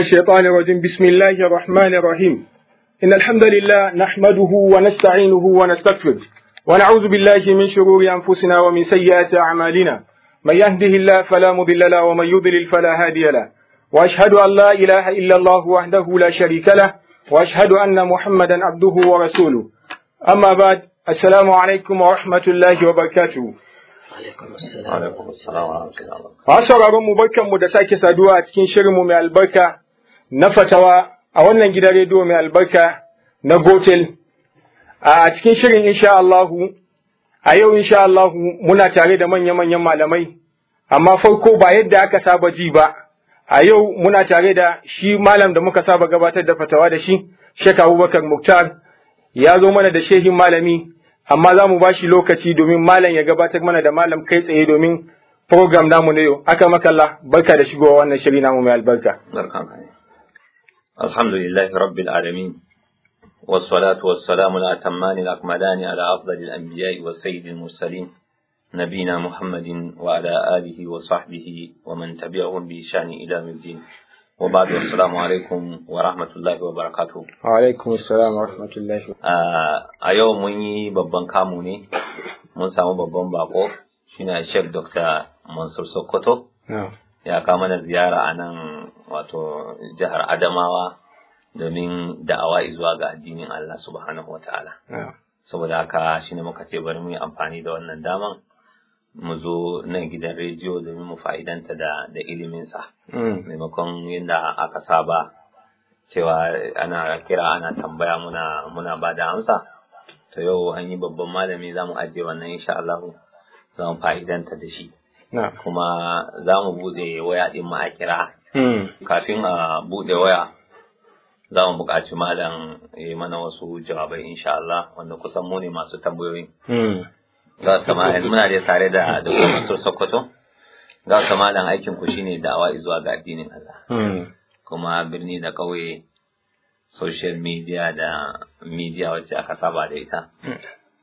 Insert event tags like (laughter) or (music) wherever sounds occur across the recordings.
الشيطان الرجيم بسم الله الرحمن الرحيم إن الحمد لله نحمده ونستعينه ونستغفره ونعوذ بالله من شرور أنفسنا ومن سيئات أعمالنا من يهده الله فلا مضل له ومن يضلل فلا هادي له وأشهد أن لا إله إلا الله وحده لا شريك له وأشهد أن محمدا عبده ورسوله أما بعد السلام عليكم ورحمة الله وبركاته Assalamu السلام wa السلام wa barakatuh. Ba sauraron mu barkan na fatawa a wannan gidan rediyo mai albarka na gotel a cikin shirin insha Allahu a yau insha Allahu muna tare da manya-manyan malamai amma farko ba yadda aka saba ji ba a yau muna tare da shi malam da muka saba gabatar da fatawa da shi Sheikh Abubakar Muktar ya zo mana da shehin malami amma za mu ba shi lokaci domin malam ya gabatar mana da malam kai tsaye domin program namu na yau aka makalla barka da shigowa wannan shiri namu mai albarka الحمد لله رب العالمين والصلاة والسلام الأتمان الأكملان على أفضل الأنبياء والسيد المرسلين نبينا محمد وعلى آله وصحبه ومن تبعهم بشان إلى الدين وبعد السلام عليكم ورحمة الله وبركاته وعليكم السلام ورحمة الله آه أيوم مني ببن كاموني من سامو ببن باقو شنا الشيخ دكتور منصور سوكوتو يا كامانا زيارة أنا wato jihar Adamawa domin da'awa zuwa ga addinin Allah subhanahu wa ta'ala. saboda haka shine muka ce bari mu yi amfani da wannan daman mu zo nan gidan rediyo domin mu fa'idanta da da iliminsa mm. maimakon yadda aka saba cewa ana kira ana tambaya muna ba da amsa to yau an yi babban malami za mu ajiye wannan insha Allah za mu fa'idanta da shi kuma za mu buɗe waya ɗin mu a kira Hmm. kafin a buɗe waya za mu buƙaci malam ya yi mana wasu jawabai insha Allah wanda kusan mu ne masu tambayoyi. Ga hmm. su yanzu muna dai tare da dukkan masu Sokoto. wasu su malam aikin ku shine da'awa zuwa ga addinin Allah. Hmm. Kuma birni da ƙauye social media da media wacce aka saba da ita.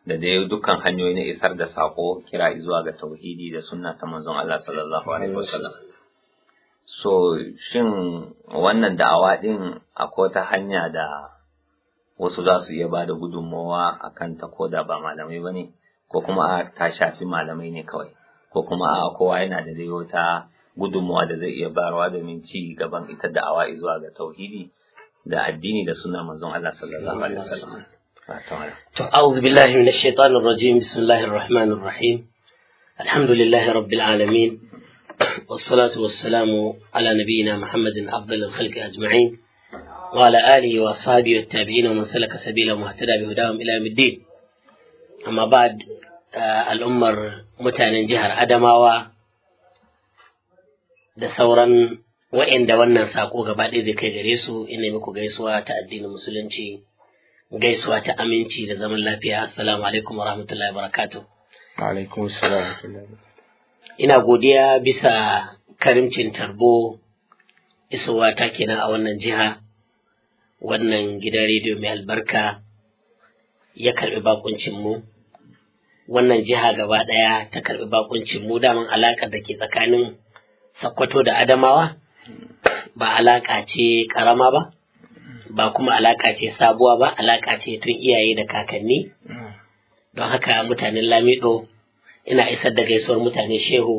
Da dai dukkan hanyoyi na isar da saƙo kira zuwa ga tauhidi da sunna ta manzon Allah sallallahu alaihi wasallam. so shin wannan da'awa ɗin akwai ta hanya da wasu za su iya ba da gudunmawa a kanta ko da ba malamai ba ne ko kuma a ta shafi malamai ne kawai ko kuma a kowa yana da dai wata gudunmawa da zai iya barawa domin ci gaban ita da'awa zuwa ga tauhidi da addini da suna manzon Allah sallallahu alaihi wasallam to a'udhu billahi minash shaitanir rajim bismillahir rahmanir rahim alhamdulillahi rabbil alamin والصلاة والسلام على نبينا محمد أفضل الخلق أجمعين وعلى آله وأصحابه والتابعين ومن سلك سبيله واهتدى بهداهم إلى يوم الدين أما بعد al'ummar mutanen jihar Adamawa da sauran wa'inda wannan saƙo gaba ɗaya zai kai gare su ina muku gaisuwa ta addinin musulunci gaisuwa ta aminci da zaman lafiya assalamu alaikum wa rahmatullahi wa barakatuh alaikum ina godiya bisa karimcin tarbo isowa ta kenan a wannan jiha wannan gidan rediyo mai albarka ya karbi bakuncin mu wannan jiha gaba ɗaya ta karbi bakuncin mu daman alaka da ke tsakanin sakkwato da adamawa ba alaka ce karama ba ba kuma alaka ce sabuwa ba alaka ce tun iyaye da kakanni mm. don haka mutanen lamido ina isar da gaisuwar mutane shehu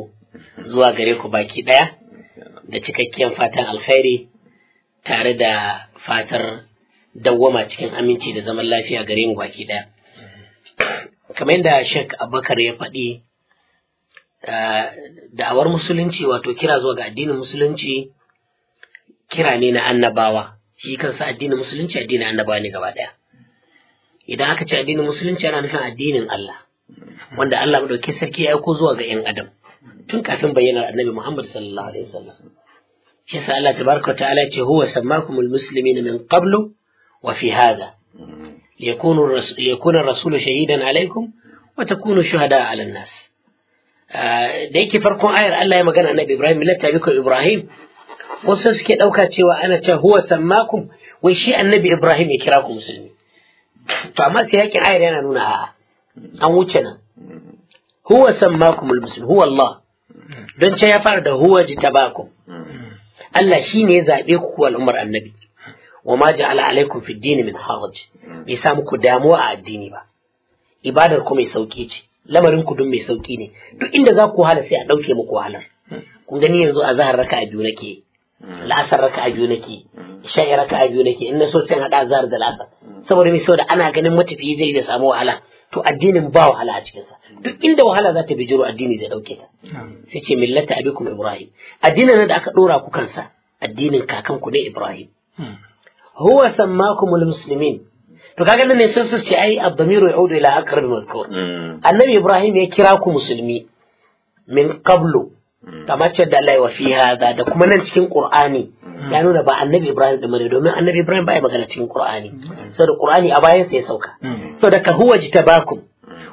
zuwa gare ku baki ɗaya da cikakkiyar fatan alkhairi tare da fatar dawwama cikin aminci da zaman lafiya gare mu baki ɗaya. Kamar yadda Sheikh Abubakar ya faɗi da'awar musulunci wato kira zuwa ga addinin musulunci kira ne na annabawa shi kansa addinin musulunci addinin annabawa ne gaba ɗaya. Idan aka ce addinin musulunci ana nufin addinin Allah. wanda Allah ɗauki sarki ya aiko zuwa ga ‘yan adam tun kafin bayyanar annabi Muhammad sallallahu alaihi wasallam shi yasa Allah tabaraka ta'ala ce huwa sammakumul muslimin min qablu wa fi hada liyakuna rasulu shahidan alaikum wa takunu shuhada ala nas ah, da yake farkon ayar Allah ya magana annabi Ibrahim millata bikum Ibrahim wasu suke ɗauka cewa ana cewa huwa sammakum wai shi annabi Ibrahim ya kira ku musulmi to amma sai yakin ayar yana nuna a an wuce nan huwa sammakumul muslimin huwa Allah don ce ya fara da huwa tabakum Allah shi ne ya zaɓe ku ku al'ummar annabi wa ma ja'ala alaikum fi dini min haraj bai sa muku damuwa a addini ba ibadar ku mai sauki ce lamarin ku dun mai sauki ne duk inda za ku wahala sai a dauke muku wahalar kun gani yanzu a zahar raka'a biyu nake la'asar raka'a biyu nake sha'i raka'a biyu nake in na so sai hada zahar da la'asar saboda mai da ana ganin matafiyi zai da samu wahala to addinin ba wahala a cikinsa duk inda wahala za ta bijiro addini zai ɗauke ta sai ce millata abikum ibrahim addinin da aka ɗora ku kansa addinin kakanku ne ibrahim hmm. huwa sammakumul muslimin to kaga nan ne sun su ce ai abdamiru yaudu ila aqrab mazkur hmm. annabi ibrahim ya kira ku musulmi min qablu hmm. kamar ce da Allah ya wafi da kuma nan cikin qur'ani ya nuna ba annabi ibrahim ɗin bane domin annabi ibrahim ba ya magana cikin qur'ani da qur'ani a bayan sa ya sauka saboda ka huwa jitabakum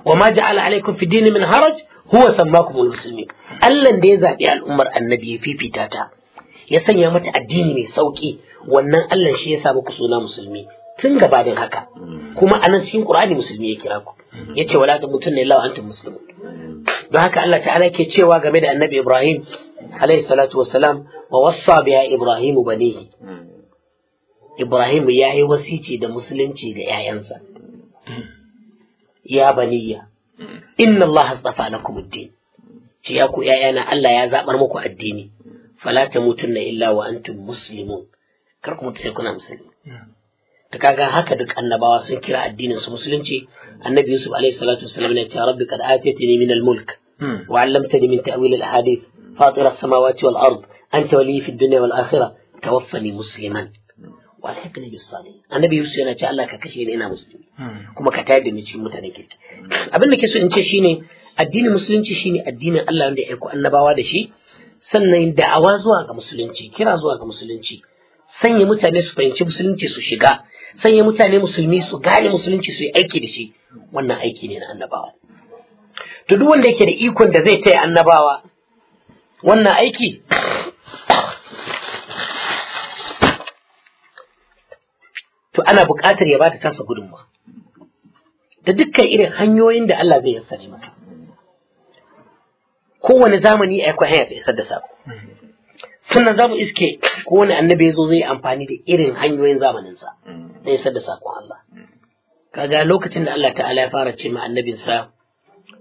wa ma ja'ala alaikum fi dini min haraj huwa sammakum muslimin Allah da ya zaɓi al'ummar annabi ya fifita ta ya sanya mata addini mai sauki wannan Allah shi ya sa muku suna musulmi tun gaba gabanin haka kuma a nan cikin Qur'ani musulmi ya kira ku yace wala mutum ne lawa antum muslimun don haka Allah ta'ala ke cewa game da Annabi Ibrahim alaihi salatu wassalam wa wassa biya ibrahimu banihi ibrahim ya yi wasici da musulunci da 'ya'yansa ya baniya inna allaha astafa lakum ad-din ce ya ’ya'yana Allah ya zaɓar muku addini, fala ta mutun illa kar sai kuna kaga haka duk annabawa sun kira addinin su musulunci, annabi Yusuf alaihi salatu wasallam ne ce rabbi qad ataytini min al-mulk wa 'allamtani min ta'wil al-hadith فاطر السماوات والأرض أنت ولي في الدنيا والآخرة توفني مسلما والحقني بالصالحين النبي يوسف yana ce Allah ka kashe ni ina musulmi kuma ka tayar da ni cikin mutanen abin da ke so in ce shine addinin musulunci ne addinin Allah wanda ya aiko annabawa da shi sannan da'awa zuwa ga musulunci kira zuwa ga musulunci sanya mutane su fahimci musulunci su shiga sanya mutane musulmi su gane musulunci su yi aiki da shi wannan aiki ne na annabawa to duk wanda yake da ikon da zai taya annabawa wannan aiki to ana buƙatar ya ba ta tasa gudunmawa da dukkan irin hanyoyin da Allah zai yassare masa kowane zamani a akwai hanya ta isar da sako sannan za mu iske ko wani annabi ya zo zai amfani da irin hanyoyin zamaninsa da isar da sakon Allah kaga lokacin da Allah ta'ala ya fara ce ma annabinsa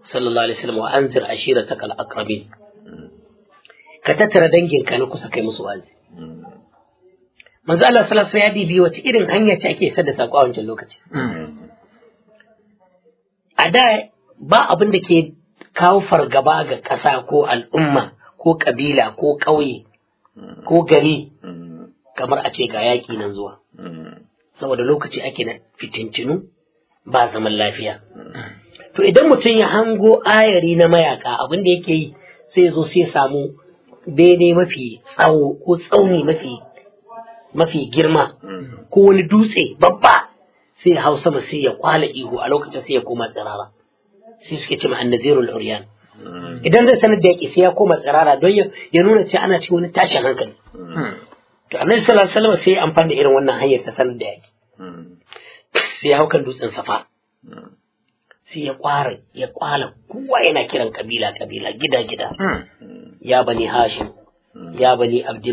sallallahu alaihi wasallam wa anzir ashirataka al-aqrabin ka tattara danginka na kusa kai musu wazi manzo Allah sallallahu alaihi ya dibi wace irin hanya ce ake sada sako a wancan lokaci a da ba abin da ke kawo fargaba ga ƙasa ko al'umma ko ƙabila ko ƙauye ko gari kamar a ce ga yaƙi nan zuwa saboda lokaci ake na fitintinu ba zaman lafiya to idan mutum ya hango ayari na mayaka abin da yake yi sai ya zo sai samu Daidai mafi tsawo ko tsauni mafi mafi girma ko wani dutse babba sai ya hau sama sai ya kwala ihu a lokacin sai ya koma tsirara sai suke ce ma'an nazirul uryan idan zai sanar da yaƙi sai ya koma tsirara don ya nuna cewa ana cikin wani tashin hankali to annabi sallallahu alaihi sai ya amfani da irin wannan hanyar ta sanar da yaƙi sai ya hau kan dutsen safa sai ya kwara ya kwala kowa yana kiran kabila kabila gida gida ya bani hashim hmm. ya bani abdi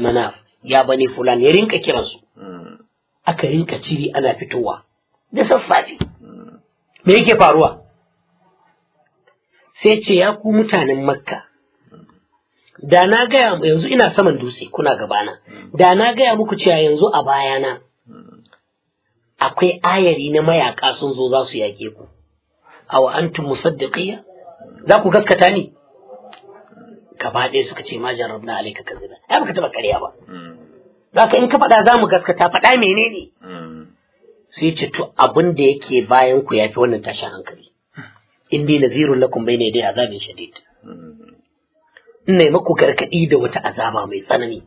ya bani fulan ya rinka kiransu hmm. aka rinka ciri ana fitowa da sassafe hmm. me yake faruwa sai ce ya ku mutanen makka da na gaya yanzu ina saman dutse kuna gabana da na gaya muku cewa yanzu a bayana akwai ayari na mayaka sun zo za su yake ku a wa'antun musaddiqiyya za ku gaskata ni gaba ɗaya suka ce ma jarrabna alayka kadhiba ai baka taba karya ba hmm. zaka in ka faɗa zamu ta faɗa menene hmm. sai ce to abin da yake bayan ku yafi wannan tashin hankali inni nazirun lakum bayna yaday azabin shadid hmm. ina maku gargadi da wata azaba mai tsanani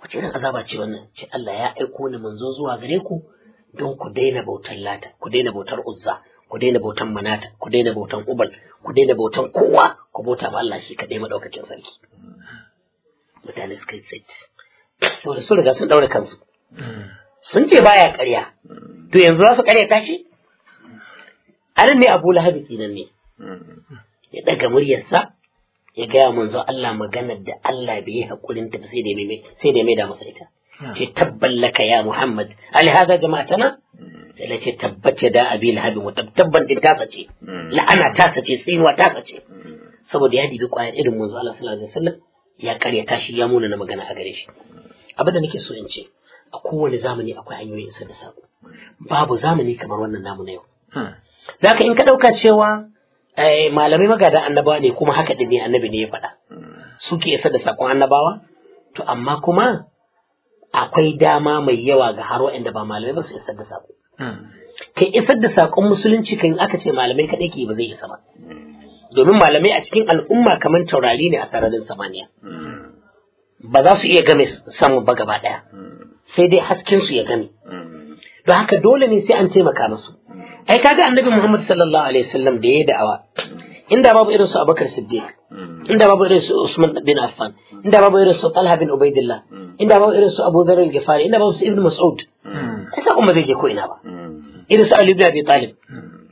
wace irin azaba ce wannan ce Allah ya aiko ni manzo zuwa gare ku don ku daina bautar lata ku daina bautar uzza ku daina bautan manata ku daina bautan ubal ku daina bautan kowa ku bauta ba Allah shi kadai madaukakin sarki mutane suka yi tsaye saboda sun riga sun daura kansu sun ce baya ƙarya to yanzu za su ƙarya tashi anan ne Abu habi kinan ne ya ɗaga muryarsa ya gaya manzo Allah maganar da Allah bai yi hakurin ta sai da mai sai da mai da masa ita hmm. ce tabballaka ya Muhammad alhaza jama'atana Sai ce tabbace da abi lahabi mu tabban din tasa ce hmm. la'ana tasa ce tsinuwa tasa ce hmm. saboda ya dibi kwayar irin manzo Allah sallallahu alaihi wasallam ya karya shi ya muna na magana a gare shi hmm. abin da nake so in ce a kowane zamani akwai hanyoyin isa da sako babu zamani kamar wannan namu na yau zaka in ka ɗauka cewa eh, malamai magada annabawa ne kuma haka ɗin ne annabi ne ya faɗa suke isa da sakon annabawa to amma kuma akwai dama mai yawa ga har waɗanda ba malamai ba su isar da sako kai isar da saƙon musulunci kan aka ce malamai kaɗai ke ba zai isa ba domin malamai a cikin al'umma kamar taurari ne a sararin samaniya ba za su iya game samu ba gaba ɗaya sai dai hasken su ya game don haka dole ne sai an taimaka musu ai kaga annabi Muhammad sallallahu alaihi wasallam da yi da'awa inda babu irin su Abubakar Siddiq inda babu irin su Usman bin Affan inda babu irin su Talha bin Ubaidillah inda babu irin su Abu Dharr al inda babu su Ibn Mas'ud Hmm. ai sa ba zai je ko ina ba hmm. irin su alibiya bai Talib hmm.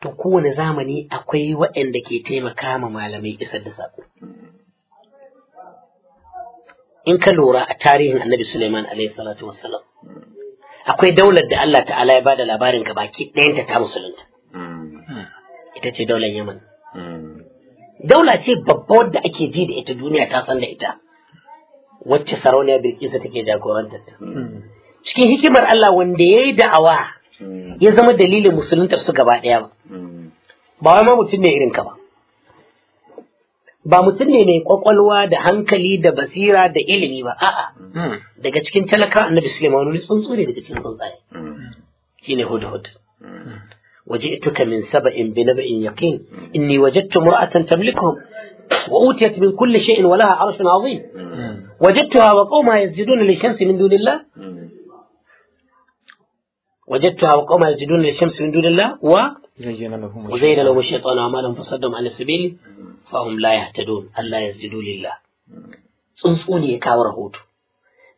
to kowane zamani akwai waɗanda ke taimaka ma malamai isar da saƙo. in ka lura a tarihin Annabi Suleiman A.S. akwai daular da Allah ta'ala ya ba da labarin ga baki ɗayanta ta musulunta ita ce daular Yaman daula ce babba wadda ake ji da ita duniya ta san da ita wacce sarauniya Bilkisu take jagorantar ta cikin hikimar Allah wanda ya yi da'awa ya zama dalilin musuluntar su gaba ɗaya ba ba wai ma mutum ne irin ka ba ba mutum ne mai kwakwalwa da hankali da basira da ilimi ba a'a daga cikin talaka annabi Sulaiman wani tsuntsu ne daga cikin tsuntsaye shine hudhud وجئتك من سبأ بنبأ يقين إني وجدت امرأة تملكهم وأوتيت من كل شيء ولها عرش عظيم وجدتها وقومها يسجدون للشمس من دون الله وجدتها وقومها يسجدون للشمس من دون الله و وزين لهم الشيطان أعمالهم فصدهم عن السبيل فهم لا يهتدون ألا يسجدوا لله tsuntsuni ya kawo rahoto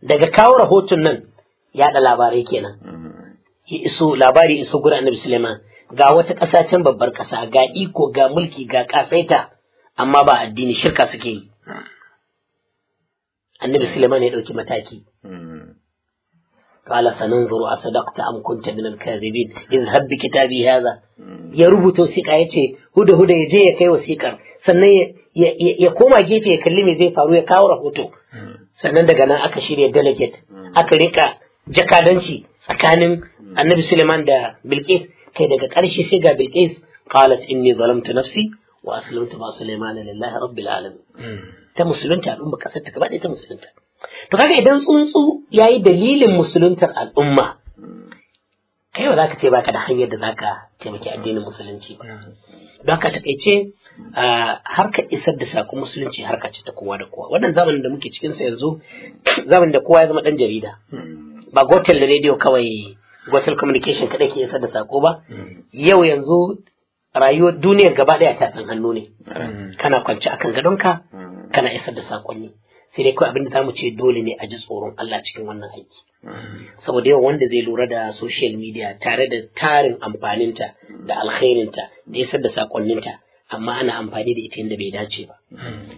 daga kawo rahoton nan yaɗa labarai kenan ya iso labari iso gurin annabi Suleiman ga wata ƙasa can babbar ƙasa ga iko ga mulki ga ƙasaita amma ba addini shirka suke yi annabi Suleiman ya ɗauki mataki قال سننظر أصدقت أم كنت من الكاذبين اذهب بكتابي هذا ya rubuta wasiƙa ya ce huda huda ya je ya kai wasiƙar sannan ya koma gefe ya kalli me zai faru ya kawo rahoto sannan daga nan aka shirya delegate aka rika jakadanci tsakanin annabi suleiman da bilkis kai daga ƙarshe sai ga bilkis qalat inni zalamtu nafsi wa suleiman ta ta ta to kaga idan tsuntsu yayi dalilin musuluntar al'umma kai ba za ka ce baka da hanyar da za ka taimaki addinin musulunci ba don ka takaice har ka isar da sakon musulunci har ka ce ta kowa da kowa wannan zamanin da muke cikin sa yanzu (coughs) zamanin da kowa ya zama dan jarida ba gotel da radio kawai gotel communication kaɗai ke isar da sako ba yau yanzu rayuwar duniyar gaba ɗaya ta hannu ne kana kwance akan gadonka kana isar da sakonni sai dai kawai abinda zamu ce dole ne a ji tsoron Allah cikin wannan aiki saboda yawa wanda zai lura da social media tare da tarin amfaninta da alkhairinta da isar da sakonninta amma ana amfani da ita yadda bai dace ba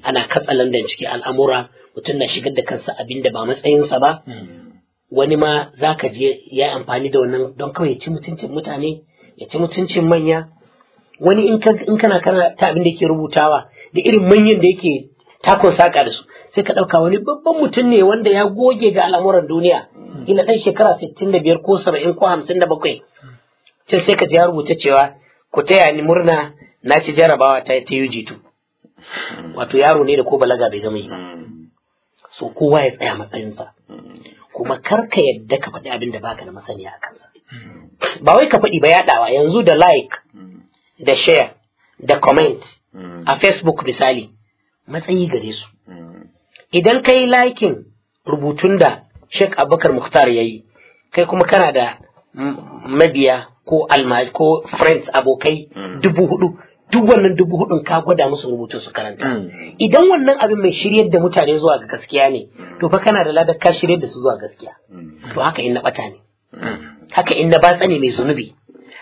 ana katsalandan cikin al'amura mutum na shigar da kansa abin ba matsayinsa ba wani ma za ka je ya amfani da wannan don kawai ya ci mutuncin mutane ya ci mutuncin manya wani in kana kana ta abin da ke rubutawa da irin manyan da yake takon saka da su sai ka ɗauka wani babban mutum ne wanda ya goge ga al'amuran duniya hmm. ila ɗan shekara sittin da ko saba'in ko hamsin da hmm. can sai ka ji ya rubuta cewa ku taya ni murna na ci jarabawa ta ta UG2 hmm. wato yaro ne da ko balaga bai gama yi so kowa ya tsaya matsayinsa kuma kar ka yadda ka faɗi abin da baka da masaniya a kansa ba wai ka faɗi ba yaɗawa yanzu da like da share da comment a facebook misali matsayi gare su idan ka yi laikin rubutun da Sheikh Abubakar Mukhtar ya yi, kai kuma kana da mabiya ko alma ko friends abokai mm. dubu hudu duk wannan dubu hudun ka gwada musu rubutun su karanta mm. idan wannan abin mai shiryar da mutane zuwa ga gaskiya ne mm. to fa kana da ladar ka shiryar da su zuwa gaskiya to haka in na bata ne haka in na batsa ne mai zunubi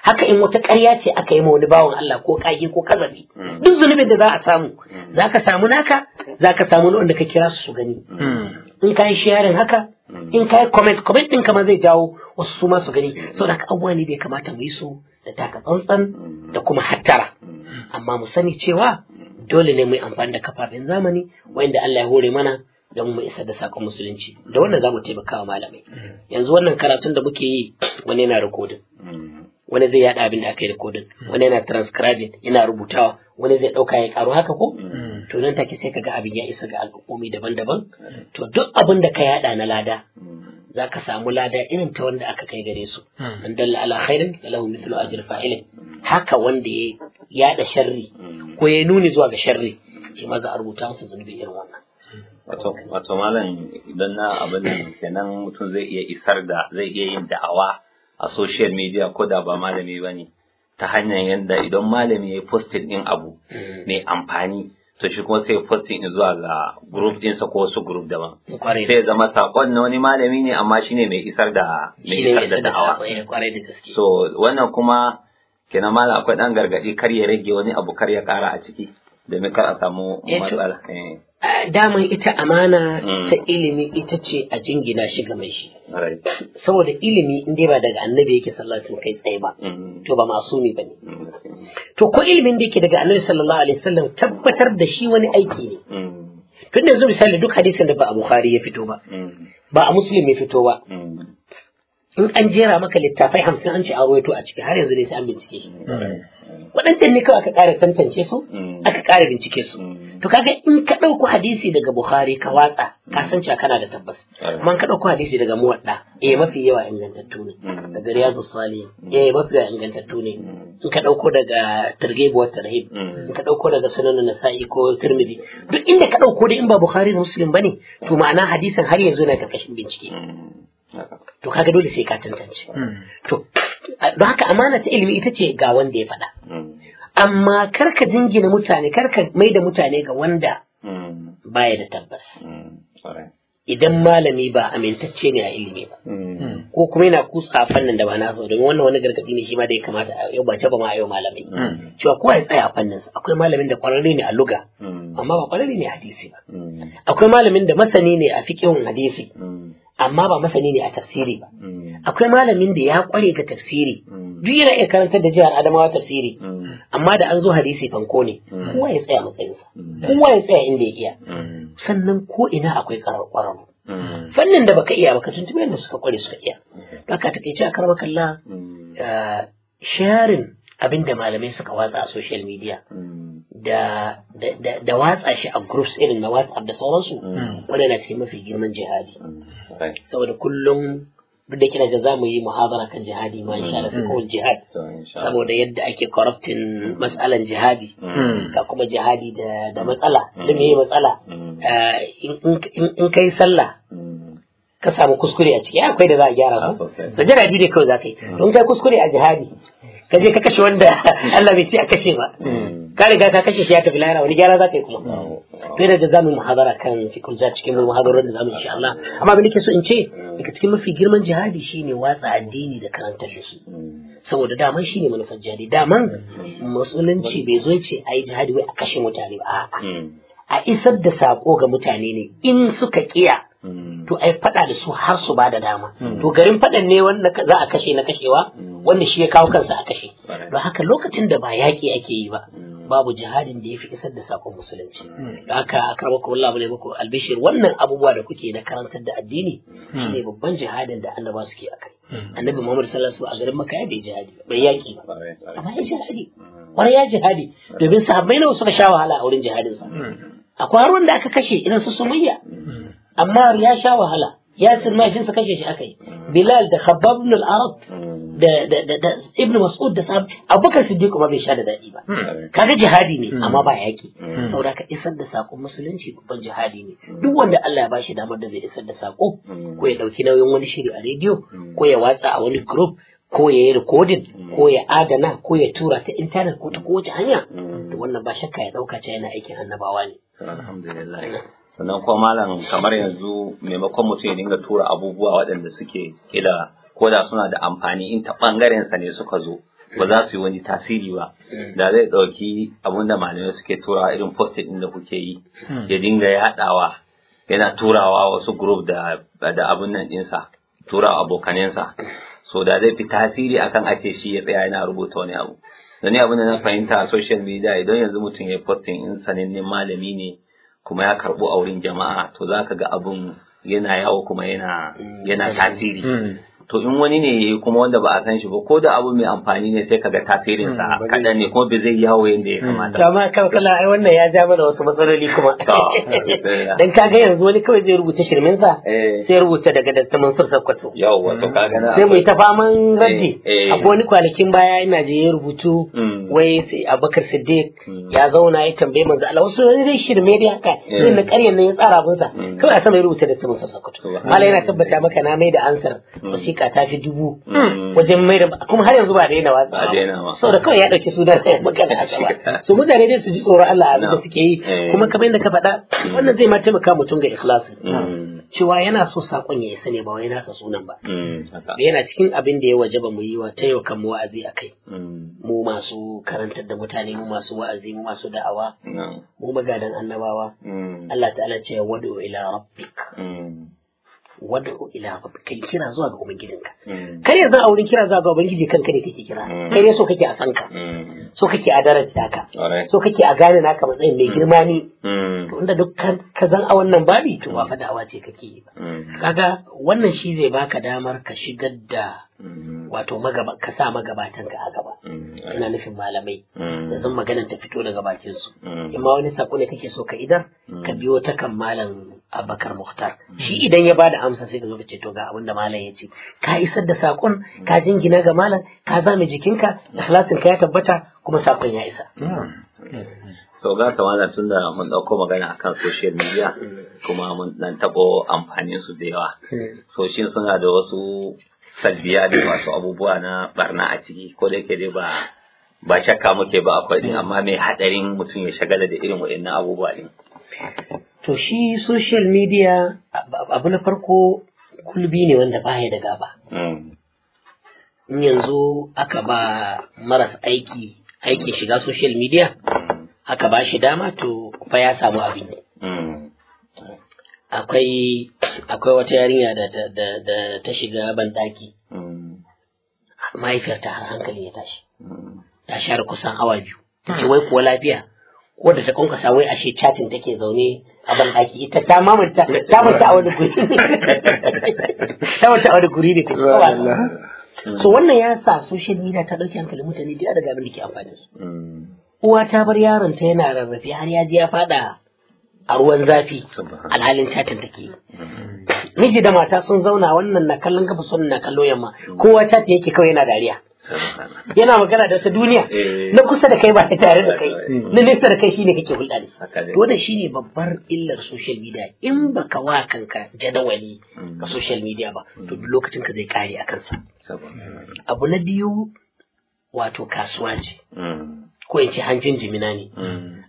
haka in wata ƙarya ce aka yi ma wani bawan Allah ko kage ko kazabi mm. duk zunubin da za a samu mm. za ka samu naka za ka samu na wanda ka kira su gani mm. in ka yi sharing haka in ka yi comment comment ɗin kamar zai jawo wasu su ma su gani Sau daka abubuwa ne da ya kamata mu yi so, da taka tsantsan da kuma hattara amma mu sani cewa dole ne mu yi amfani da kafafen zamani wanda Allah ya hore mana don mu isa da sakon musulunci da wannan za mu taimaka wa malamai yanzu wannan karatun da muke yi wani yana rikodin wani zai yada abin da aka yi recording wani yana transcribing yana rubutawa wani zai dauka ya karu haka ko mm. to nan take sai kaga abin ya isa ga al'ummi daban-daban mm. to duk abin da ka yada na lada mm. za ka samu lada irin ta wanda aka kai gare su an dalla ala khairin lahu mithlu ajr fa'ilin haka wanda ya yada sharri ko ya nuni zuwa ga sharri shi ma za a rubuta masa zunubi irin wannan wato wato malam idan na abin kenan mutum zai iya isar da zai iya yin da'awa a social media ko da ba malami ba ne ta hanyar yadda idan malami ya yi posting din abu mm. mai amfani to shi kuma sai posting zuwa ga group dinsa ko wasu group daban sai zama sakon na wani malami ne amma shine mai isar da mai isar da da'awa eh, so wannan kuma kenan malam akwai dan gargadi kar ya rage wani abu kar ya kara a ciki domin kar a samu eh, matsala eh. daman ita amana mm. ta ilimi ita ce a jingina shi ga mai shi saboda ilimi in dai ba daga annabi yake sallallahu alaihi kai tsaye ba mm-hmm. to ba ba ne. Mm, to ko ilimin da yake daga annabi sallallahu alaihi wasallam tabbatar da shi wani aiki ne mm. tun yanzu misali duk hadisin da ba a bukhari ya fito ba ba a muslim ya fito ba in an jera maka littafai hamsin an ce a ruwaito a ciki har yanzu ne sai an bincike shi waɗancan ne kawai aka ƙara tantance su aka ƙara bincike su to kaga in ka ɗauko hadisi daga Bukhari ka watsa ka san cewa kana da tabbas man ka ɗauko hadisi daga Muwadda eh mafi yawa ingantattu ne mm. daga Riyadu Salihin mm. eh mafi yawa ingantattu ne mm. in ka ɗauko daga Targhib wa Tarhib in ka ɗauko daga Sunan Nasa'i ko Tirmidhi duk inda ka ɗauko da in ba Bukhari da Muslim bane to ma'ana hadisin har yanzu na karkashin bincike to kaga dole sai ka tantance to don haka amana ta ilimi ita ce ga wanda ya faɗa amma karka jingina mutane karka mai da mutane ga wanda mm. baya da tabbas mm. idan malami ba amintacce ne a ilimi ba mm. ko kuma yana kusa fannin da ba na sau domin wannan wani gargadi ne shi ma da ya kamata a yau ba ta ba ma a yau malami cewa kowa ya tsaya a fannin sa akwai malamin da kwararre ne a luga amma ba kwararre ne a hadisi ba akwai malamin da masani ne a fikin hadisi amma ba masani ne a tafsiri ba akwai malamin da ya kware ga tafsiri duk yana iya karantar da jihar Adamawa tafsiri mm. amma da an zo hadisi fanko ne mm. kowa ya tsaya matsayinsa mm. kowa ya tsaya inda ya iya sannan ko ina akwai kwararru fannin da baka iya baka tuntuɓe suka kware suka iya baka aka take a karbar kalla eh, sharin abin da malamai suka watsa a social media da watsa shi a groups irin na WhatsApp da sauransu wadanda na mafi girman jihadi saboda kullum duk da kina ga za mu yi muhabara kan jihadi ma insha Allah fiqhul mm-hmm. jihad saboda yadda ake corrupting mm-hmm. matsalan jihadi ka mm-hmm. kuma jihadi da da matsala da me matsala eh, in kai sallah ka samu kuskure a ciki akwai da za a gyara ah, su. sajada biyu ne kawai za ka yi don kai kuskure a jihadi ka je ka kashe wanda (laughs) Allah bai ce a kashe ba ka riga ka kashe shi ya tafi lahira wani gyara za ka yi kuma kai da zamu muhadara kan fikul ja cikin muhadarar da zamu insha Allah amma abin da ke so in ce daga cikin mafi girman jihadi shine watsa addini da karantar da su saboda dama shine manufar jihadi daman musulunci bai zo ce ayi jihadi wai a kashe mutane ba hmm. a isar da sako ga mutane ne in suka kiya Mm. to ai faɗa da su har su ba da dama mm. to garin faɗan ne wanda za a kashe na kashewa mm. wanda shi ya kawo kansa a kashe don haka lokacin da ba yaƙi ake yi ba babu jihadin da ya fi isar da sakon musulunci don haka akar baku bane muku albishir wannan abubuwa da kuke na karantar da addini shine babban jihadin da annaba ke akai annabi Muhammad sallallahu alaihi wasallam a garin Makka ya jihadi bai yaƙi ba amma ya jihadi Wani ya jihadi domin sahabbai nawa suka sha wahala a wurin jihadin sa akwai wanda aka kashe idan su sumayya amma ya sha wahala yasir mahaifinsa kashe shi aka yi bilal da khabbab ibn al-arab hmm. da ibn mas'ud da sahabi abubakar siddiq ma bai sha da daɗi ba hmm. kaga jihadi ne hmm. amma ba yaki saboda ka isar da sakon musulunci babban jihadi ne duk wanda Allah ya bashi damar da zai isar da sako ko ya dauki nauyin wani shiri a rediyo ko ya watsa a wani group ko ya yi rikodin ko ya adana ko ya tura ta intanet ko ta kowace hanya to wannan ba shakka ya dauka cewa yana aikin annabawa ne alhamdulillah sannan kuma malam kamar yanzu maimakon mutum ya dinga tura abubuwa waɗanda suke kila ko da suna da amfani in ta ɓangarensa ne suka zo ba za su yi wani tasiri ba da zai ɗauki abun da malamai suke turawa irin post ɗin da kuke yi hmm. ya dinga yaɗawa yana turawa wasu group da da abun nan ɗinsa tura abokanensa so da zai fi tasiri akan ake shi ya tsaya yana rubuta wani abu da ni abin da na fahimta a social media idan yanzu mutum ya yi posting in sanannen malami ne kuma ya karɓo a wurin jama'a to za ka ga abun yana yawo kuma yana eh, yana tasiri hmm. to in wani ne yayi kuma wanda ba a san shi ba ko da abu mai amfani ne sai kaga tasirin sa hmm, kadan ne kuma bai zai yawo yanda ya hmm. kamata amma kan kala ai wannan ya ja mana wasu matsaloli kuma dan kaga yanzu wani kawai zai rubuta shirmin sa eh. sai rubuta daga Dr. Mansur Sakkwato yawa to kaga na sai mu ta faman raddi eh, eh. akwai wani kwanakin baya ina je ya rubutu hmm. wai Abubakar Siddiq ya zauna ya tambaye manzo Allah wasu dai shirme da haka sai na ƙaryan nan ya tsara abun sa kawai a sama ya rubuta Dr. Mansur Sakkwato malai yana tabbata maka na mai da ansar wasiƙa ta fi dubu hmm. wajen mai da kuma har yanzu ba daina wa saboda kawai ya ɗauki sunan (laughs) magana haka ba so mutane dai su ji tsoron Allah abin da suke yi eh. kuma kamar yadda ka faɗa hmm. wannan zai ma taimaka mutum ga ikhlasi hmm. cewa yana so sakon ya yi ne ba wai nasa sunan ba yana cikin abin da ya waje ba mu yi wa ta yau kan mu wa'azi akai mu masu karantar da mutane mu masu wa'azi mu masu da'awa mu magadan annabawa Allah ta'ala ce wadu ila rabbik wanda ko ila kai kira zuwa ga ubangijinka hmm. kai yanzu a wurin kira zuwa ga ubangiji kanka ne kake kira hmm. kai ne so kake a san ka hmm. so kake a daraja ka so kake a gane naka matsayin mai girma ne to inda duk ka zan a wannan babi to ba fadawa ce kake yi ba kaga wannan shi zai baka damar ka shigar da wato magaba ka sa magabatan ka a gaba ina nufin malamai da zan maganar ta fito daga bakin su imma wani sako ne kake so ka idan ka biyo ta kan malam Abakar Mukhtar hmm. shi idan ya bada amsa sai ka zo ka ce to ga abin da malam ya ce ka isar da sakon hmm. ka jingina ga malam ka zame jikinka ikhlasin ka ya tabbata kuma sakon ya isa so hmm. ga tun tunda mun dauko magana akan social media kuma mun dan tabo amfanin su da yawa so shin suna da wasu salbiya da wasu abubuwa na barna a ciki ko da yake dai ba ba shakka muke ba akwai din amma mai hadarin mutum ya shagala da irin waɗannan abubuwa din to shi social media abu na farko kulbi ne wanda ba ya daga ba. Mm. in yanzu aka ba maras aiki aikin shiga social media mm. aka ba shi dama to fa ya samu abin ne mm. akwai wata yarinya da, ta shiga banɗaki mahaifiyarta har hankali ya tashi ta share kusan awa biyu ta ce wai kuwa lafiya wadda ta kunkasa wai ashe chatin take zaune abin daki ita ta mamanta ta manta a wani guri (laughs) ta manta a wani guri ne ta so wannan ya sa social media ta ɗauki hankali mutane da daga abin da ke amfani su mm. uwa ta bar yaron ta yana rarrafe har ya ji ya fada a ruwan zafi alhalin chatin take mm. miji da mata sun zauna wannan na kallon gaba sun na kallo yamma kowa chat yake kawai yana dariya yana magana da wata duniya eh. na kusa da kai ba ta tare da kai na nesa da kai shine kake hulɗa da shi to da shine babbar illar social media in baka wa kanka jadawali ga mm. social media ba to duk mm. lokacin ka zai kare a kansa abu na biyu wato kasuwa ce mm. ko in ce hanjin jimina ne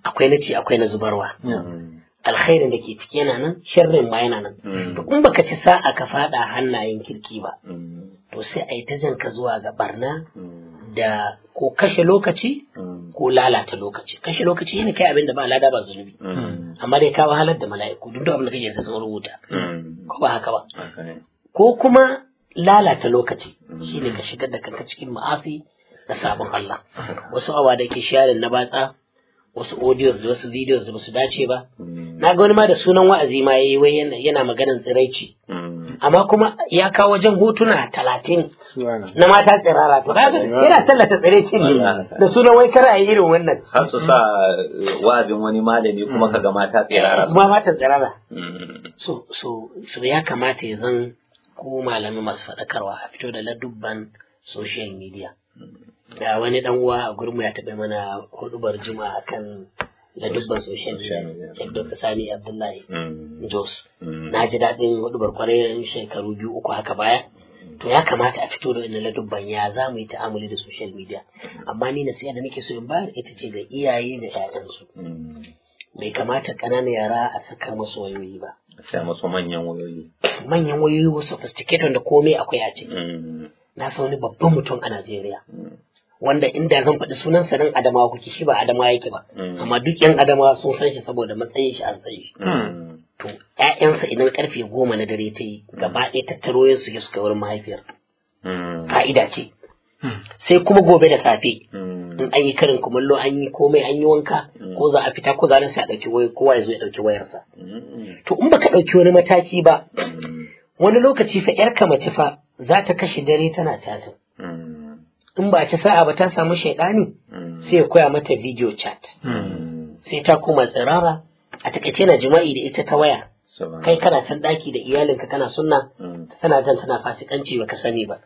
akwai na ci akwai na zubarwa alkhairin da ke ciki yana nan sharrin ma yana nan to in baka ci sa'a ka fada hannayen kirki ba to sai a yi ta janka zuwa ga barna mm. da ko kashe lokaci mm. ko lalata lokaci kashe lokaci yana kai abin da ba lada ba zunubi mm. amma dai kawo halar da mala'iku duk da abin da kake yanzu sun rubuta ko ba haka ba ko kuma lalata lokaci shine ka shigar da kanka cikin ma'afi da sabon Allah wasu awa da ke sharing na batsa wasu audios da wasu videos da basu dace ba na ga wani ma da sunan wa'azi ma yayi wai yana maganar tsiraici amma kuma ya kawo wajen hutuna talatin na mata tsirara to kaga yana tallata tsere cin da suna wai kar a yi irin wannan har su sa eh, wa'azin wani malami kuma kaga mata tsirara kuma mata tsirara mm. so ya kamata ya zan ko malami masu faɗakarwa a fito da ladubban social media da mm. wani dan uwa a gurmu ya taɓa mana hudubar juma'a kan da dubban social media sani abdullahi mm. jos mm. na ji daɗin hudubar kwarai shekaru biyu uku haka baya to ya kamata a fito da na ladubban ya za mu yi ta'amuli da social media amma ni na siya da nake so in bayar ita ce ga iyaye da ƴaƴansu mm. bai kamata ƙananan yara a saka masu wayoyi ba a saka masu manyan wayoyi manyan wayoyi wasu sophisticated da komai akwai a ciki na sa wani babban mutum a Najeriya wanda inda zan faɗi sunan sa nan adamawa kuke shi ba adamawa yake ba hmm. amma duk yan adamawa sun san shi saboda matsayin shi an tsaye shi hmm. to ƴaƴansa idan karfe goma na dare ta yi hmm. gaba ɗaya tattaro ya su suka wurin mahaifiyar ka'ida ce sai kuma gobe da safe in an yi karin kumallo an yi komai an yi wanka ko za a fita ko za a ɗauki waya kowa ya zo ya ɗauki wayarsa to in baka ɗauki wani mataki ba wani lokaci fa ƴar mace fa za ta kashe dare tana catin in ba ta sa'a ba ta samu shaidani hmm. sai ya koya mata video chat hmm. sai ta koma tsirara a takaice na jima'i da ita ta waya kai kana can daki da iyalinka kana sunna hmm. tana jan tana fasikanci ka sani ba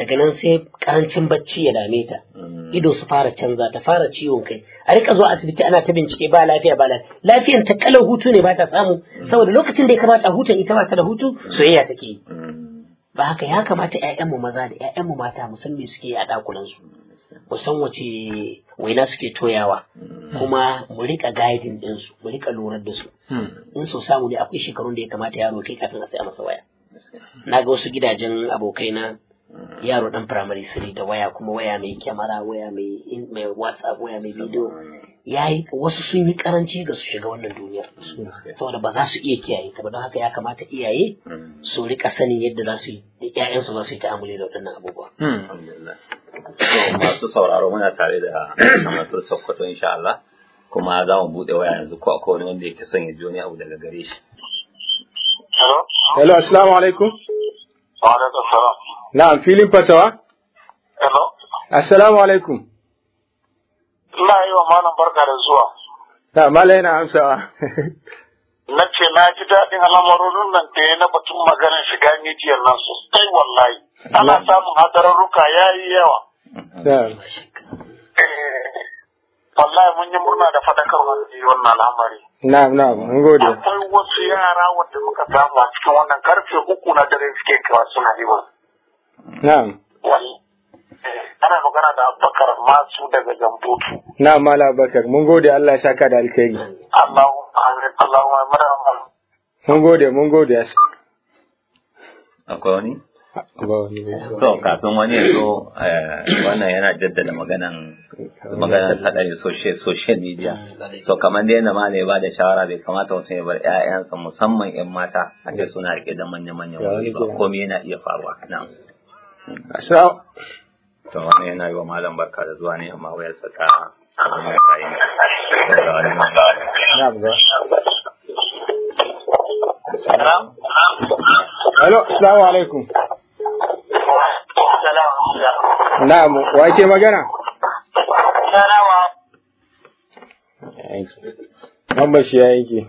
daga nan sai karancin bacci ya dame ta ido su fara canza ta fara ciwon kai a rika zuwa asibiti ana ta bincike ba lafiya ba lafiya lafiyan ta kalar hutu ne ba ta samu saboda lokacin da ya kamata a hutun ita ba ta da hutu soyayya take yi ba haka ya kamata 'ya'yan mu maza da 'ya'yan mu mata me suke a dakunan su mu wace waina suke toyawa hmm. kuma mu rika gaidin ɗinsu mu rika lura da su hmm. in so samu ne akwai shekarun da ya kamata yaro kai kafin a sai masa waya na ga wasu gidajen abokai na hmm. yaro ɗan firamare 3 da waya kuma waya mai kyamara waya mai whatsapp waya mai bidiyo yayi wasu sun yi karanci ga su shiga wannan duniyar saboda ba za su iya kiyaye ta ba don haka ya kamata iyaye hmm. su rika sanin yadda za su yi ƴaƴansu za su yi ta'amuli da waɗannan abubuwa hmm. masu sauraro muna tare da masu sokoto insha Allah kuma za mu buɗe waya yanzu ko akwai wani wanda yake son ya ji abu daga gare shi hello assalamu alaikum wa alaikum salam na'am filin fatawa hello assalamu alaikum ina yi wa malam barka da zuwa na malam yana amsawa na ce na ji daɗin al'amarorin nan da ya na batun maganar shiga media nan sosai wallahi ana samun hadararruka ya yi yawa eh, wallahi mun yi murna da fadakar wani wannan al'amari na na'am mun gode akwai wasu yara wanda muka samu a cikin wannan karfe uku na dare suke kawa suna yi wa Na. Wani. ana magana da abubakar masu daga gambutu na mala abubakar mun gode allah ya saka da alkhairi allahumma mara mun gode mun gode akwai wani so kafin wani ya zo eh, wannan yana jaddada maganan maganan hadari social media so kamar dai yana mala ba da shawara bai kamata mutum ya bar ƴaƴansa musamman ƴan mata a ce suna rike da manya manya wani ba komai yana iya faruwa to yana yi wa malam barka da zuwa ne amma wayar sa ta abin da kayi na buga Hello, assalamu alaikum. Na'am, wa ke magana? Salamu. Mamban shi ya yanke.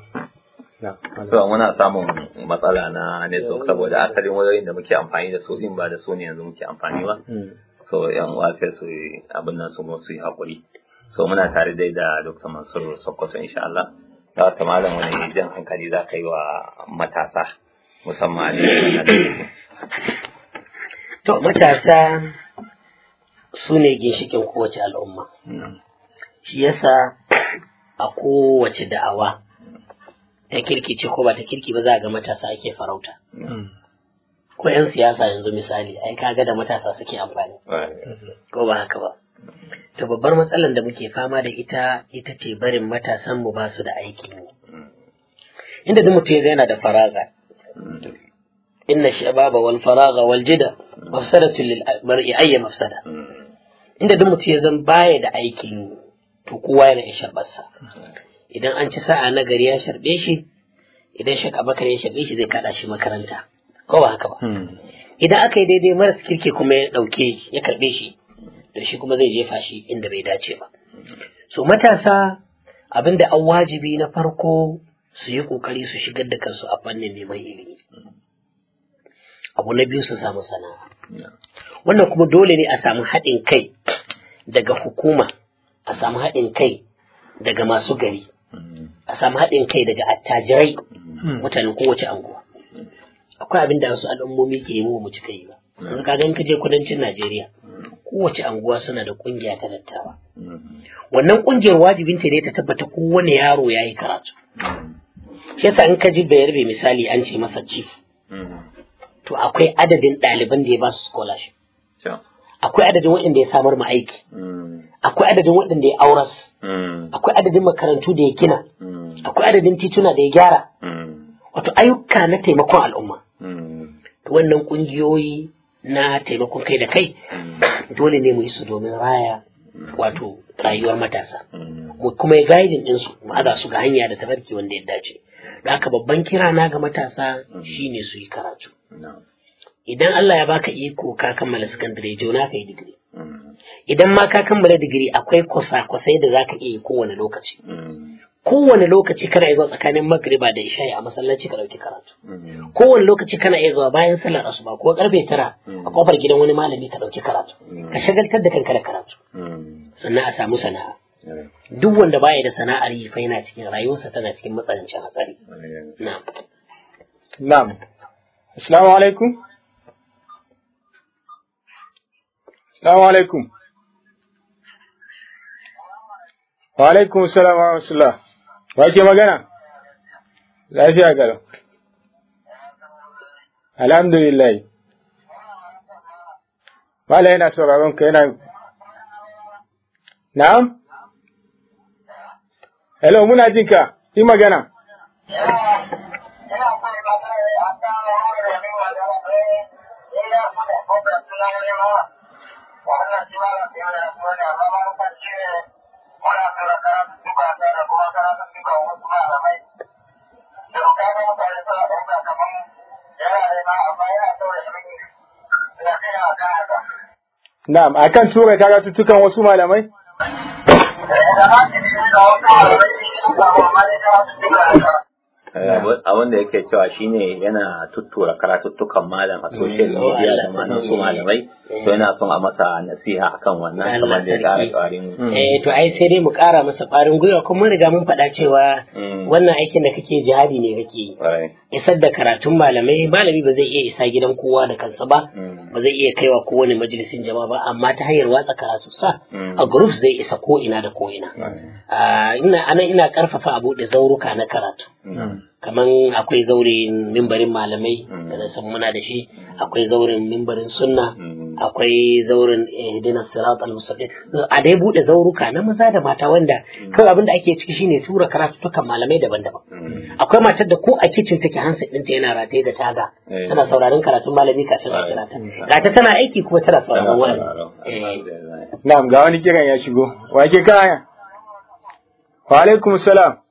muna samun matsala na network saboda asalin wayoyin da muke amfani da su din ba da su ne yanzu muke amfani ba. Hmm. so yan uwa sai su abin nan su su yi hakuri so muna tare dai da Dr. Mansur Sokoto insha Allah da ta malam wani jan hankali za ka yi wa matasa musamman a to matasa su ne ginshikin kowace al'umma hmm. shi yasa a kowace da'awa ta kirki ce ko ba ta kirki ba za a ga matasa ake farauta hmm. ko 'yan siyasa yanzu misali ai kaga da matasa suke amfani ko ba haka ba to babbar matsalar da muke fama da ita ita ce barin matasan mu ba su da aiki mm. inda duk mutum yana da faraga mm. inna shababa wal faraga wal jida mm. mafsadatu lil mar'i ayya mafsada inda duk mutum ya zan baya da aikin to kowa yana ya sharbarsa idan an ci sa'a na gari ya sharbe shi idan shaka bakar ya sharbe shi zai kada shi makaranta ko ba haka ba hmm. idan aka yi daidai maras kirki kuma ya ɗauke ya karɓe shi da shi kuma zai jefa shi inda bai dace ba so matasa abinda an wajibi na farko su yi ƙoƙari su shigar da kansu a fannin neman ilimi abu na biyu su samu sana'a wannan kuma dole ne a samu haɗin kai daga hukuma a samu haɗin kai daga masu gari hmm. a samu haɗin kai daga attajirai hmm. mutanen kowace anguwa akwai abin da wasu al'ummomi ke yi mu mu cika yi ba yanzu ka ka je kudancin Najeriya kowace anguwa suna da kungiya ta dattawa wannan kungiyar wajibin ce ne ta tabbata kowane yaro ya yi karatu shi yasa in ka ji bai misali an ce masa chief to akwai adadin ɗaliban da ya ba su scholarship akwai adadin waɗanda ya samar ma aiki akwai adadin waɗanda ya auras akwai adadin makarantu da ya gina akwai adadin tituna da ya gyara wato ayyuka na taimakon al'umma hmm. wannan ƙungiyoyi na taimakon kai da kai hmm. dole ne mu yi su domin raya hmm. wato rayuwar matasa mu kuma ya gaidin din mu haɗa su ga hanya da tafarki wanda ya dace da haka babban kira na ga matasa shine su yi karatu idan Allah ya baka iko ka kammala sakandare jona ka yi digiri idan ma ka kammala digiri akwai kwasa-kwasai da za ka iya kowane lokaci kowane lokaci kana iya zuwa tsakanin magriba da isha a masallaci ka ɗauki karatu kowane lokaci kana iya zuwa bayan sallar asuba ko karfe tara a kofar gidan wani malami ka ɗauki karatu ka shagaltar da kanka da karatu sannan a samu sana'a duk wanda baya da sana'ar yi fa yana cikin rayuwarsa tana cikin matsanancin hatsari na'am na'am assalamu alaikum assalamu alaikum wa alaikum assalam wa rahmatullah Wa ke magana? Lafiya gara. Alhamdulillah. Mala yana sauraron ka yana Na'am? Hello, muna jin ka, yi magana. Wannan muna tura karatun duka ta kuma karatun duka wasu malamai yana amma yana mini kan haka Na'am, akan tura karatuttukan wasu malamai? Eh, da haka ne da wasu malamai sun samu amma ne karatuttuka da Eh. abin da yake cewa shine yana tuttura karatuttukan malam a social mm. media da mm. malam su malamai mm. to yana son a masa nasiha akan wannan kamar da ya ƙara eh to ai sai dai mu ƙara masa ƙarin gwiwa kuma mun riga mun faɗa cewa wannan aikin da kake jihadi ne kake yi isar da karatun malamai malami ba zai iya isa gidan kowa da kansa ba ba zai iya kaiwa kowane majalisin jama'a ba amma ta hanyar watsa karatu sa a group zai isa ko ah, ina da ko ina ina ana ina karfafa abu da zauruka na karatu kaman akwai zaurin mimbarin malamai da san muna da shi mm. akwai zaurin mimbarin sunna mm. akwai zaurin eh, ihdina sirat al-mustaqim a dai bude zauruka na maza da mata wanda mm. kawai abin da ake ciki shine tura tukan malamai daban-daban akwai matar da ko a kitchen take hansa dinta yana rataye da taga eh. tana sauraron karatun malami kafin a karata gata tana aiki kuma tana sauraron wani eh. na'am ga wani kiran ya shigo wa ke kaya wa alaikum salam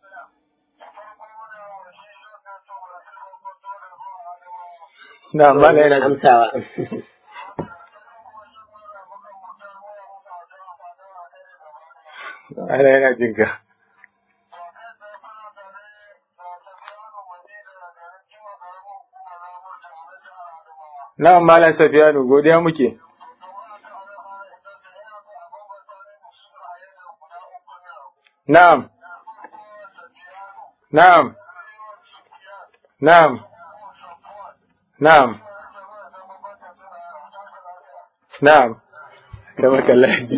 na mana yana amsawa ana yana jinka na malam safiyanu godiya muke na'am na'am na'am na'am na'am kamar kallon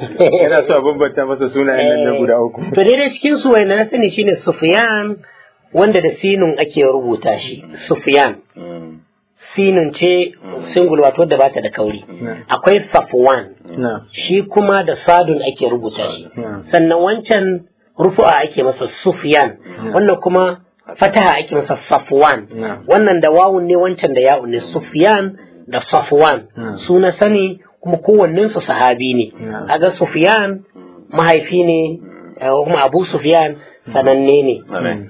yana (laughs) so a bambanta masa sunayen nan na guda uku eh, to dai cikin su wanda na sani shine sufyan wanda da sinun ake rubuta shi sufyan hmm. sinun ce hmm. single wato wadda bata da kauri hmm. akwai safwan shi kuma da sadun ake rubuta shi sannan wancan rufu'a ake masa sufyan wannan kuma fataha ake masa safwan wannan da wawun ne wancan da ya ne sufyan da safwan su na sani kuma kowannen su sahabi ne aga sufyan mahaifi ne eh, kuma abu sufyan sananne ne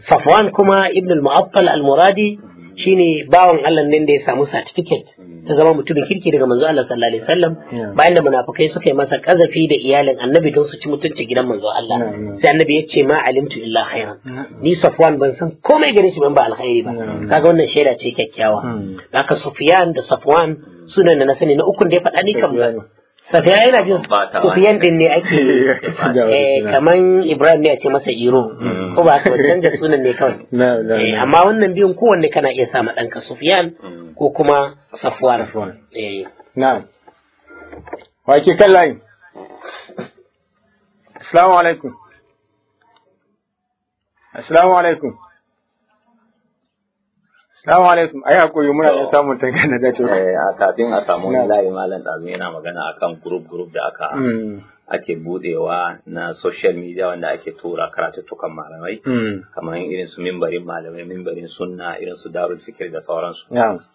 safwan kuma ibn al-mu'attal al-muradi shine bawan Allah nan da ya samu certificate ta zama mutumin kirki daga manzo Allah sallallahu alaihi wasallam bayan da munafikai suka yi masa kazafi da iyalin annabi don su ci mutunci gidan manzo Allah sai annabi ya ce ma alimtu illa khairan ni Safwan ban san komai gare shi ban ba alkhairi ba kaga wannan shaida ce kyakkyawa hmm. haka Sufyan da Safwan sunan na sani na ukun da ya faɗa ni kan Safiya yana jin Sufiyan din ne ake (laughs) eh, eh, kaman Ibrahim ne a ce masa Iro mm. ko ba ka canza sunan ne kawai (laughs) eh, amma wannan biyun kowanne kana iya sa ɗanka Sufiyan mm. ko kuma Safuwar? Fron na'am wa ke kan layin Assalamu alaikum Assalamu alaikum Salamu alaikum, ai eh, kafin a samu wani layi malam ɗazu yana magana akan group group da aka hmm. ake budewa na social media wanda ake tura tukan malamai hmm. kamar irin su mimbarin malamai mimbarin sunna irin su darul fikir da sauransu.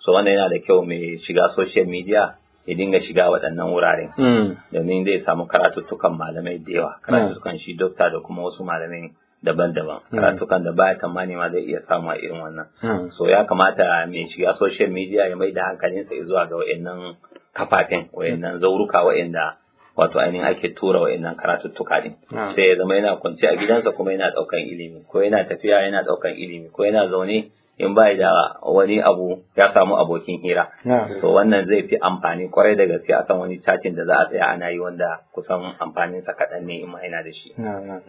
So wannan yana da kyau mai shiga social media ya dinga shiga waɗannan wuraren hmm. domin zai samu karatuttukan malamai da yawa tukan shi dokta da kuma wasu malamai daban-daban hmm. karatukan da baya tamani ma zai iya samu a irin wannan hmm. so ya kamata mai shiga social media ya mai da hankalinsa zuwa ga wayannan kafafen wayannan zauruka wayanda wato ainihin ake tura wayannan karatuttuka din hmm. sai ya zama yana kwance a gidansa kuma yana daukan ilimi ko yana tafiya yana daukan ilimi ko yana zaune in ba da wani abu ya samu abokin hira so wannan zai fi amfani kwarai da gaske akan wani cacin da za a tsaya ana yi wanda kusan amfaninsa kaɗan ne in ma yana da shi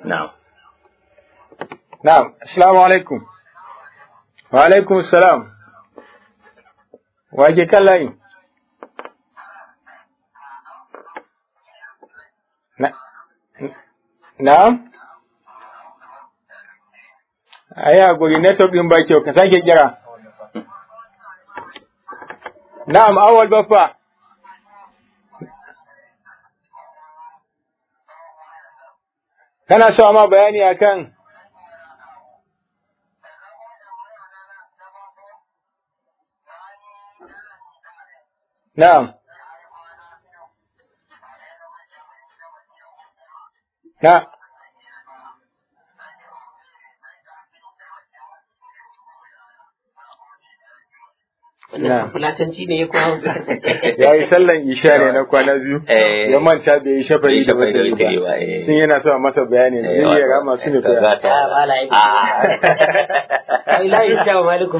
na'am Na'am, assalamu Wa alaikum assalam. Wa ke kan layi? Na'am? Ai hakuri network ba kyau, ka sake kira. Na'am, awal baffa. Kana so ma bayani akan نعم نعم (laughs) ya yi sallan na kwana biyu eh. ya manta bai yi da eh. yana so a masa bayani zai eh, yi rama su (laughs) لا يجزى مالكم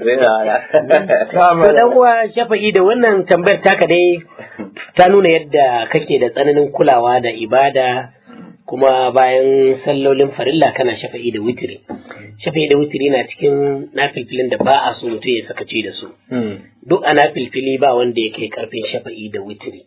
to dan uwa shafa'i da wannan tambayar taka dai ta nuna yadda kake da tsananin kulawa da ibada kuma bayan sallolin farilla kana shafa'i da witiri shafa'i da witiri na cikin nafilfilin da ba a so mutum ya sakaci da su duk a nafilfili ba wanda ya kai karfin shafa'i da witiri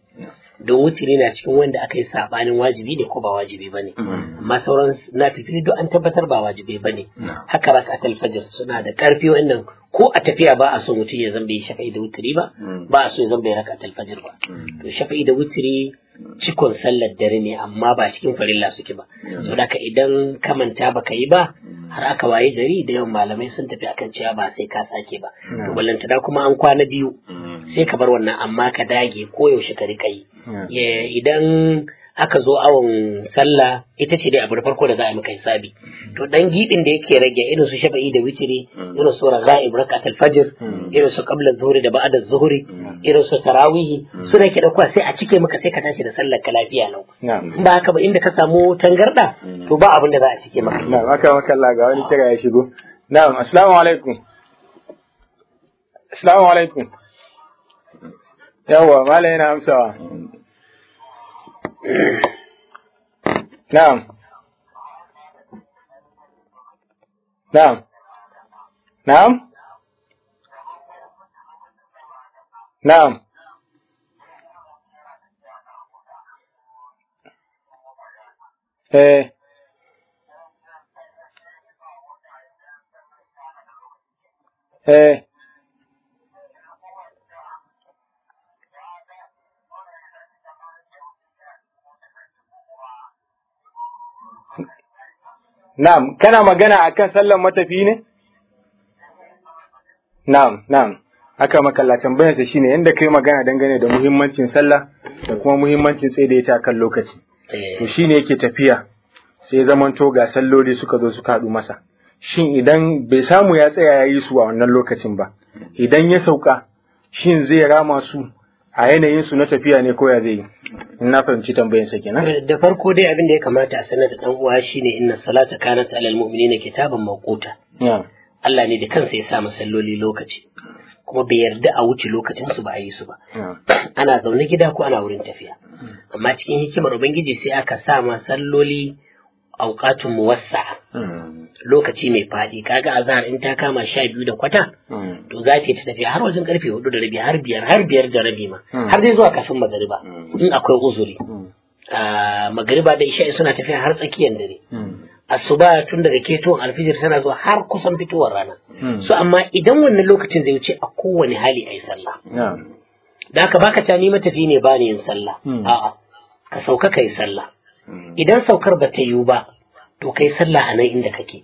da wutiri na cikin wanda aka yi sabanin wajibi ne ko ba wajibi bane mm. amma sauran na fitiri duk an tabbatar ba wajibi bane mm. haka raka fajr suna da karfi wannan ko a tafiya ba a so mutum ya zambe shafa'i da wutiri ba mm. ba a so ya zambe raka fajr ba to shafa'i da wutiri cikon sallar dare ne amma ba cikin farilla suke ba Sau ka idan ka manta baka yi ba har aka waye gari da yawan malamai sun tafi akan cewa ba sai ka sake ba to ballantana kuma an kwana biyu sai ka bar wannan amma ka dage ko yaushe ka rika yi Eh, idan aka zo awon sallah ita ce dai abu da farko da za a yi maka hisabi mm. to dan gibin da yake rage irin su shafa'i da witiri mm. irin su raga'ib rakat al-fajr mm. irin su qabla zuhri da ba'da zuhri irin su tarawihi suna ke dauka sai a cike maka sai ka tashi da sallar ka lafiya In ba haka ba inda ka samu tangarda to ba abin da za a cike maka na'am aka maka Allah ga wani kira ya shigo na'am assalamu alaikum assalamu alaikum yawwa mala yana amsawa na'am na'am na'am na'am eh eh Na'am, kana magana akan sallan matafi ne? Na'am, na'am. Aka makalla tambayar sa shine inda kai magana dangane da muhimmancin sallah da kuma muhimmancin tsaidaita da kan lokaci. Eh. To shi ne yake tafiya sai zaman to ga salloli suka zo suka haɗu masa. Shin idan bai samu ya tsaya ya yi su a wannan lokacin ba, idan ya sauka, shin zai rama su a yanayin su na tafiya ne ko ya zai na fahimci tambayin sa kenan eh, da farko dai abin da ya kamata a sanar da dan uwa shine inna salata kanat alal mu'minina kitaban mawquta Allah ne da kansa ya sa masalloli lokaci kuma bai yarda a wuce lokacin su ba a yi su ba (clears throat) ana zaune gida ko ana wurin tafiya hmm. amma cikin hikimar ubangiji sai aka sa masalloli mu muwassa'a hmm. lokaci mai faɗi kaga azahar in ta kama sha biyu da kwata hmm. to za ta ta tafi har wajen karfe hudu da rabi har biyar har biyar da rabi ma hmm. har dai zuwa kafin magariba in akwai uzuri ah, magariba da isha'i suna tafiya har tsakiyar dare asuba tun daga ketowar alfijir tana zuwa har kusan fitowar rana Su amma idan wannan lokacin zai wuce a kowane hali ayi sallah da haka baka ta ni matafi ne ba yin sallah a'a ka sauka ka yi sallah Hmm. idan saukar ba ta yiwu ba to kai sallah a nan inda kake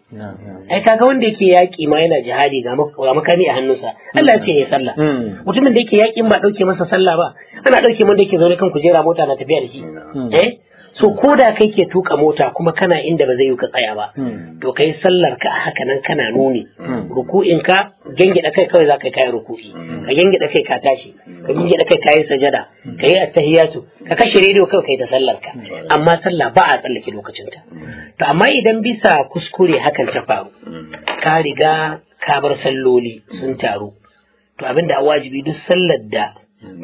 ai kaga wanda yake yaƙi ma yana jihadi ga makami a hannunsa Allah ce ya sallah hmm. Hmm. mutumin da yake yaƙin ba ɗauke masa sallah ba ana ɗauke mun da yake zaune kan kujera mota na tafiya da shi eh so ko da kai ke tuka mota kuma kana inda ba zai yi ka tsaya ba hmm. to kai sallar ka haka nan kana nuni hmm. ruku'in ka gangida kai kawai zaka kai ruku'i hmm. ka gangida kai ka tashi ka gangida kai kai sajada ka yi attahiyatu ka kashe rediyo kawai kai ta sallar ka amma sallah ba a tsallake lokacin ta to amma idan bisa kuskure hakan ta faru ka riga ka bar salloli sun taru to abinda a wajibi duk sallar da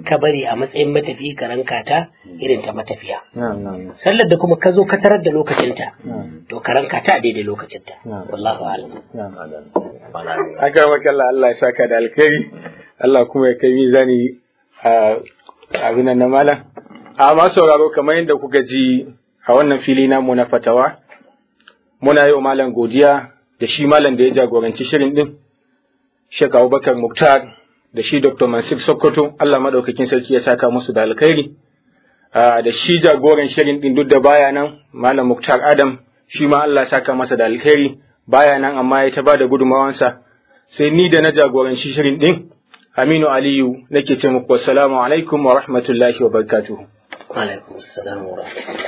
ka bari a matsayin matafi ka ranka ta irin ta matafiya sallar da kuma ka zo ka tarar da lokacinta to ka ranka ta a daidai lokacinta wallahu alam haka makalla Allah ya saka da alkhairi Allah kuma ya kai mizani a abin nan malam a ma sauraro kamar yadda kuka ji a wannan fili mu na fatawa muna yi wa malam godiya da shi malam da ya jagoranci shirin din Sheikh Abubakar Muktar da shi Dr. Mansur Sokoto Allah madaukakin sarki ya saka musu da alkhairi da shi jagoran shirin din duk da baya nan Malam Muktar Adam shi ma Allah ya saka masa da alkhairi baya nan amma ya ta bada gudumawansa sai ni da na jagoranci shirin ɗin. Aminu Aliyu nake ce muku assalamu alaikum wa rahmatullahi wa barakatuhu wa alaikum wa rahmatullahi